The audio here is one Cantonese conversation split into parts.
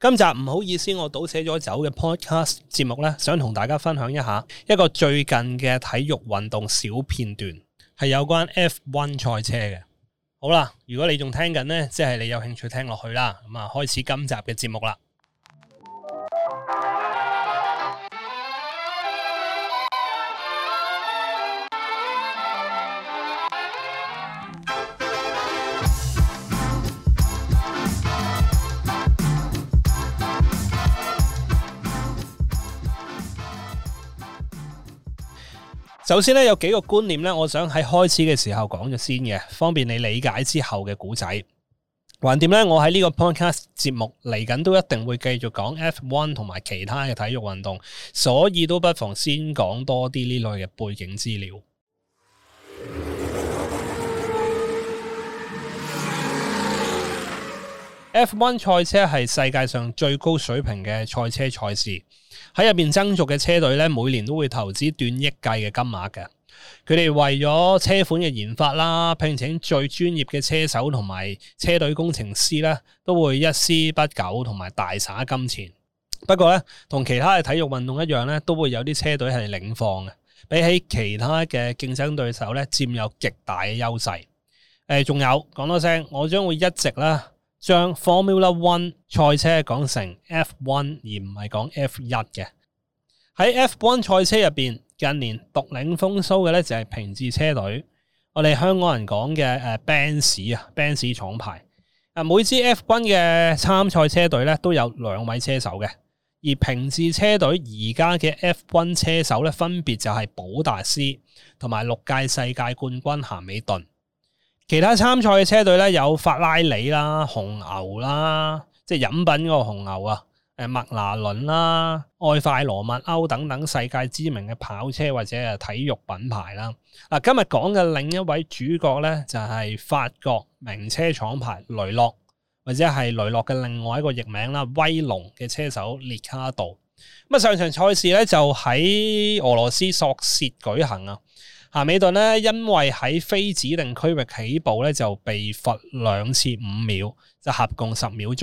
今集唔好意思，我倒寫咗走嘅 Podcast 節目呢，想同大家分享一下一個最近嘅體育運動小片段，係有關 F1 賽車嘅。好啦，如果你仲聽緊呢，即係你有興趣聽落去啦，咁啊開始今集嘅節目啦。首先咧，有幾個觀念咧，我想喺開始嘅時候講咗先嘅，方便你理解之後嘅故仔。橫掂咧，我喺呢個 podcast 節目嚟緊都一定會繼續講 F1 同埋其他嘅體育運動，所以都不妨先講多啲呢類嘅背景資料。F1 賽車係世界上最高水平嘅賽車賽事，喺入邊爭逐嘅車隊咧，每年都會投資短億計嘅金額嘅。佢哋為咗車款嘅研發啦，聘請最專業嘅車手同埋車隊工程師咧，都會一絲不苟同埋大灑金錢。不過咧，同其他嘅體育運動一樣咧，都會有啲車隊係領放嘅，比起其他嘅競爭對手咧，佔有極大嘅優勢。誒、呃，仲有講多聲，我將會一直啦。將 Formula One 賽車講成 F1 而唔係講 F 一嘅。喺 F1 賽車入邊，近年獨領風騷嘅咧就係平治車隊。我哋香港人講嘅誒 Benz 啊 Benz 廠牌。每支 F1 嘅參賽車隊咧都有兩位車手嘅。而平治車隊而家嘅 F1 車手咧，分別就係保達斯同埋六屆世界冠軍咸美頓。其他參賽嘅車隊咧有法拉利啦、紅牛啦，即係飲品個紅牛啊，誒，麥拿倫啦、愛快羅密歐等等世界知名嘅跑車或者係體育品牌啦。今日講嘅另一位主角咧就係、係、法國名車廠牌雷諾，或者係雷諾嘅另外一個譯名啦，威龍嘅車手列卡度。咁啊，上場賽事咧就喺俄羅斯索契舉行啊。咸美頓咧，因為喺非指定區域起步咧，就被罰兩次五秒，就是，合共十秒鐘。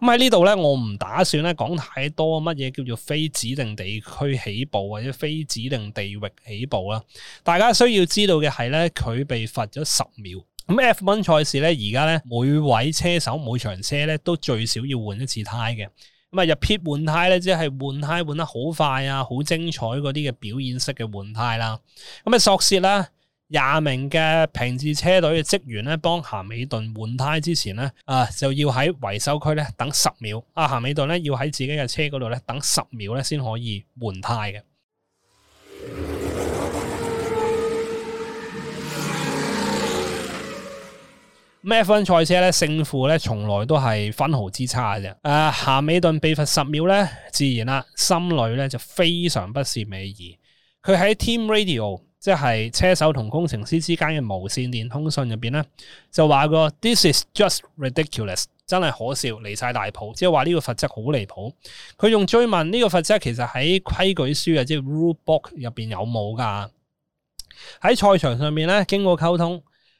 咁喺呢度咧，我唔打算咧講太多乜嘢叫做非指定地區起步或者非指定地域起步啦。大家需要知道嘅係咧，佢被罰咗十秒。咁 F1 賽事咧，而家咧每位車手每場車咧都最少要換一次胎嘅。咁啊入撇換胎咧，即係換胎換得好快啊，好精彩嗰啲嘅表演式嘅換胎啦。咁啊，索契啦，廿名嘅平治車隊嘅職員咧，幫咸美頓換胎之前咧，啊就要喺維修區咧等十秒。阿、啊、咸美頓咧要喺自己嘅車嗰度咧等十秒咧先可以換胎嘅。咩分賽車咧勝負咧，從來都係分毫之差嘅啫。誒、啊，夏美頓被罰十秒咧，自然啦，心裏咧就非常不是美意。佢喺 team radio，即係車手同工程師之間嘅無線電通訊入邊咧，就話過 this is just ridiculous，真係可笑，離晒大譜。即係話呢個罰則好離譜。佢仲追問呢個罰則其實喺規矩書啊，即係 rule book 入邊有冇噶？喺賽場上面咧，經過溝通。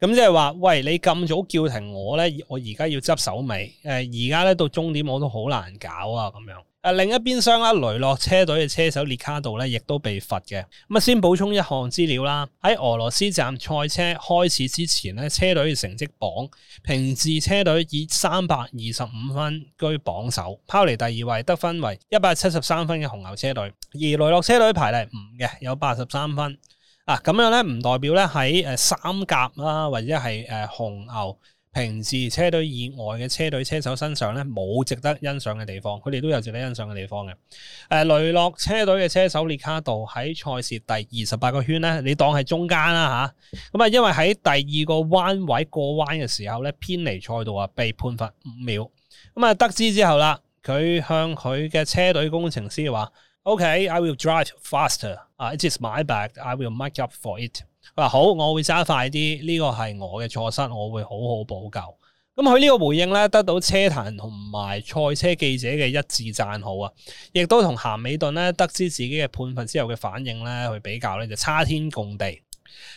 咁即係話，喂，你咁早叫停我咧，我而家要執手尾。誒、呃，而家咧到終點我都好難搞啊，咁樣。誒，另一邊廂咧雷諾車隊嘅車手列卡度咧，亦都被罰嘅。咁啊，先補充一項資料啦。喺俄羅斯站賽車開始之前咧，車隊嘅成績榜，平治車隊以三百二十五分居榜首，拋離第二位得分為一百七十三分嘅紅牛車隊，而雷諾車隊排第五嘅，有八十三分。嗱，咁樣咧唔代表咧喺誒三甲啦，或者係誒紅牛平治車隊以外嘅車隊車手身上咧，冇值得欣賞嘅地方，佢哋都有值得欣賞嘅地方嘅。誒雷諾車隊嘅車手列卡度喺賽事第二十八個圈咧，你當係中間啦吓咁啊，因為喺第二個彎位過彎嘅時候咧，偏離賽道啊，被判罰五秒。咁啊，得知之後啦，佢向佢嘅車隊工程師話。Okay, I will drive faster. Ah, it is my bad. I will make up for it. 好，我會揸快啲。呢個係我嘅錯失，我會好好補救。咁佢呢個回應咧，得到車壇同埋賽車記者嘅一致讚好啊！亦都同咸美頓咧得知自己嘅判罰之後嘅反應咧，去比較咧就是，差天共地。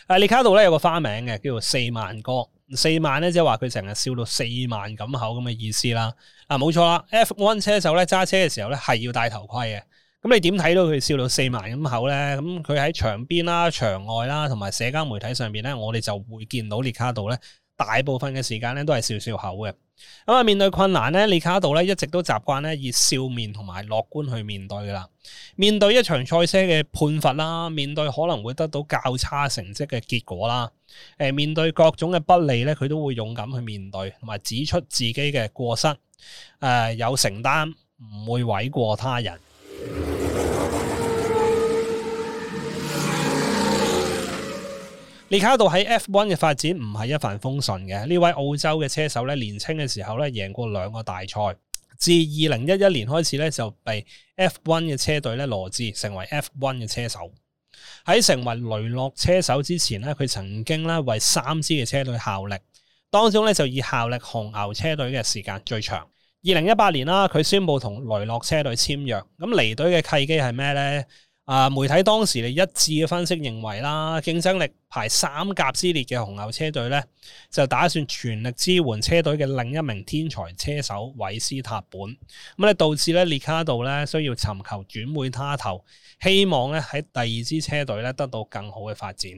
啊，利卡度咧有個花名嘅，叫做四萬哥。四萬咧即係話佢成日笑到四萬咁口咁嘅意思啦。啊，冇錯啦。F1 車手咧揸車嘅時候咧係要戴頭盔嘅。咁你點睇到佢笑到四萬咁口呢？咁佢喺場邊啦，啊、場外啦、啊，同埋社交媒體上面呢，我哋就會見到列卡度呢，大部分嘅時間呢都係笑笑口嘅。咁啊，面對困難呢，列卡度呢一直都習慣呢以笑面同埋樂觀去面對噶啦。面對一場賽車嘅判罰啦，面對可能會得到較差成績嘅結果啦，誒，面對各種嘅不利呢，佢都會勇敢去面對，同埋指出自己嘅過失。誒、呃，有承擔，唔會諉過他人。李卡度喺 F1 嘅發展唔係一帆風順嘅。呢位澳洲嘅車手咧，年青嘅時候咧，贏過兩個大賽，自二零一一年開始咧就被 F1 嘅車隊咧羅致成為 F1 嘅車手。喺成為雷諾車手之前咧，佢曾經咧為三支嘅車隊效力，當中咧就以效力紅牛車隊嘅時間最長。二零一八年啦，佢宣布同雷諾車隊簽約。咁離隊嘅契機係咩咧？啊！媒體當時一致嘅分析認為啦，競爭力排三甲之列嘅紅牛車隊咧，就打算全力支援車隊嘅另一名天才車手維斯塔本，咁咧導致咧利卡度咧需要尋求轉會他頭，希望咧喺第二支車隊咧得到更好嘅發展。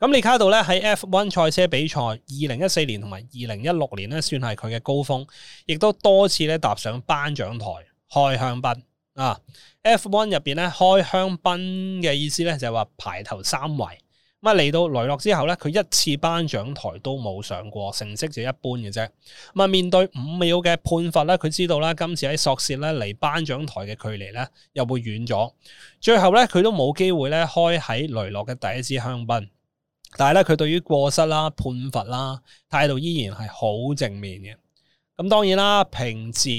咁利卡度咧喺 F1 賽車比賽，二零一四年同埋二零一六年咧算係佢嘅高峰，亦都多次咧踏上頒獎台開香檳。啊，F1 入邊咧開香檳嘅意思咧就係話排頭三位，咁啊嚟到雷諾之後咧，佢一次頒獎台都冇上過，成績就一般嘅啫。咁啊面對五秒嘅判罰咧，佢知道啦，今次喺索切咧離頒獎台嘅距離咧又會遠咗，最後咧佢都冇機會咧開喺雷諾嘅第一支香檳。但係咧佢對於過失啦判罰啦態度依然係好正面嘅。咁當然啦，平治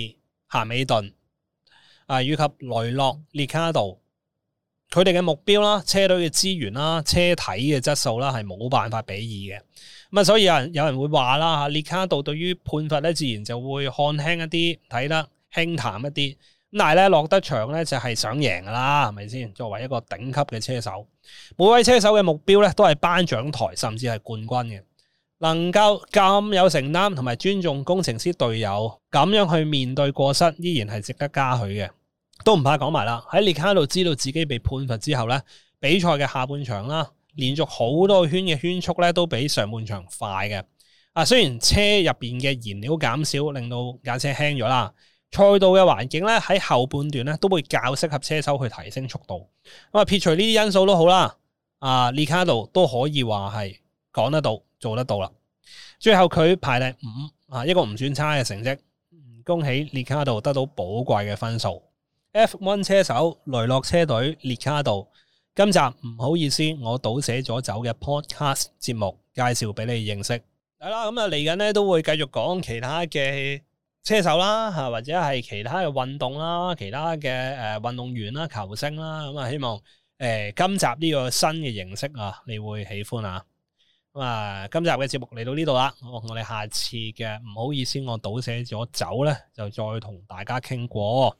夏美頓。啊，以及雷諾、列卡度，佢哋嘅目標啦、車隊嘅資源啦、車體嘅質素啦，係冇辦法比擬嘅。咁啊，所以有人有人會話啦，吓，列卡度對於判罰咧，自然就會看輕一啲，睇得輕淡一啲。咁但係咧，落得場咧就係想贏噶啦，係咪先？作為一個頂級嘅車手，每位車手嘅目標咧都係頒獎台，甚至係冠軍嘅。能夠咁有承擔同埋尊重工程師隊友，咁樣去面對過失，依然係值得嘉許嘅。都唔怕講埋啦，喺列卡度知道自己被判罰之後咧，比賽嘅下半場啦，連續好多圈嘅圈速咧都比上半場快嘅。啊，雖然車入邊嘅燃料減少，令到架車輕咗啦，賽道嘅環境咧喺後半段咧都會較適合車手去提升速度。咁啊，撇除呢啲因素都好啦，啊列卡度都可以話係講得到做得到啦！最後佢排第五啊，一個唔算差嘅成績，恭喜列卡度得到寶貴嘅分數。F1 車手雷諾車隊列卡度，ardo, 今集唔好意思，我倒寫咗走嘅 podcast 節目介紹俾你認識。係啦，咁啊嚟緊咧都會繼續講其他嘅車手啦，或者係其他嘅運動啦，其他嘅誒運動員啦、球星啦，咁啊希望誒今集呢個新嘅形式啊，你會喜歡啊！啊，今集嘅節目嚟到呢度啦。我我哋下次嘅唔好意思，我倒寫咗走呢，就再同大家傾過。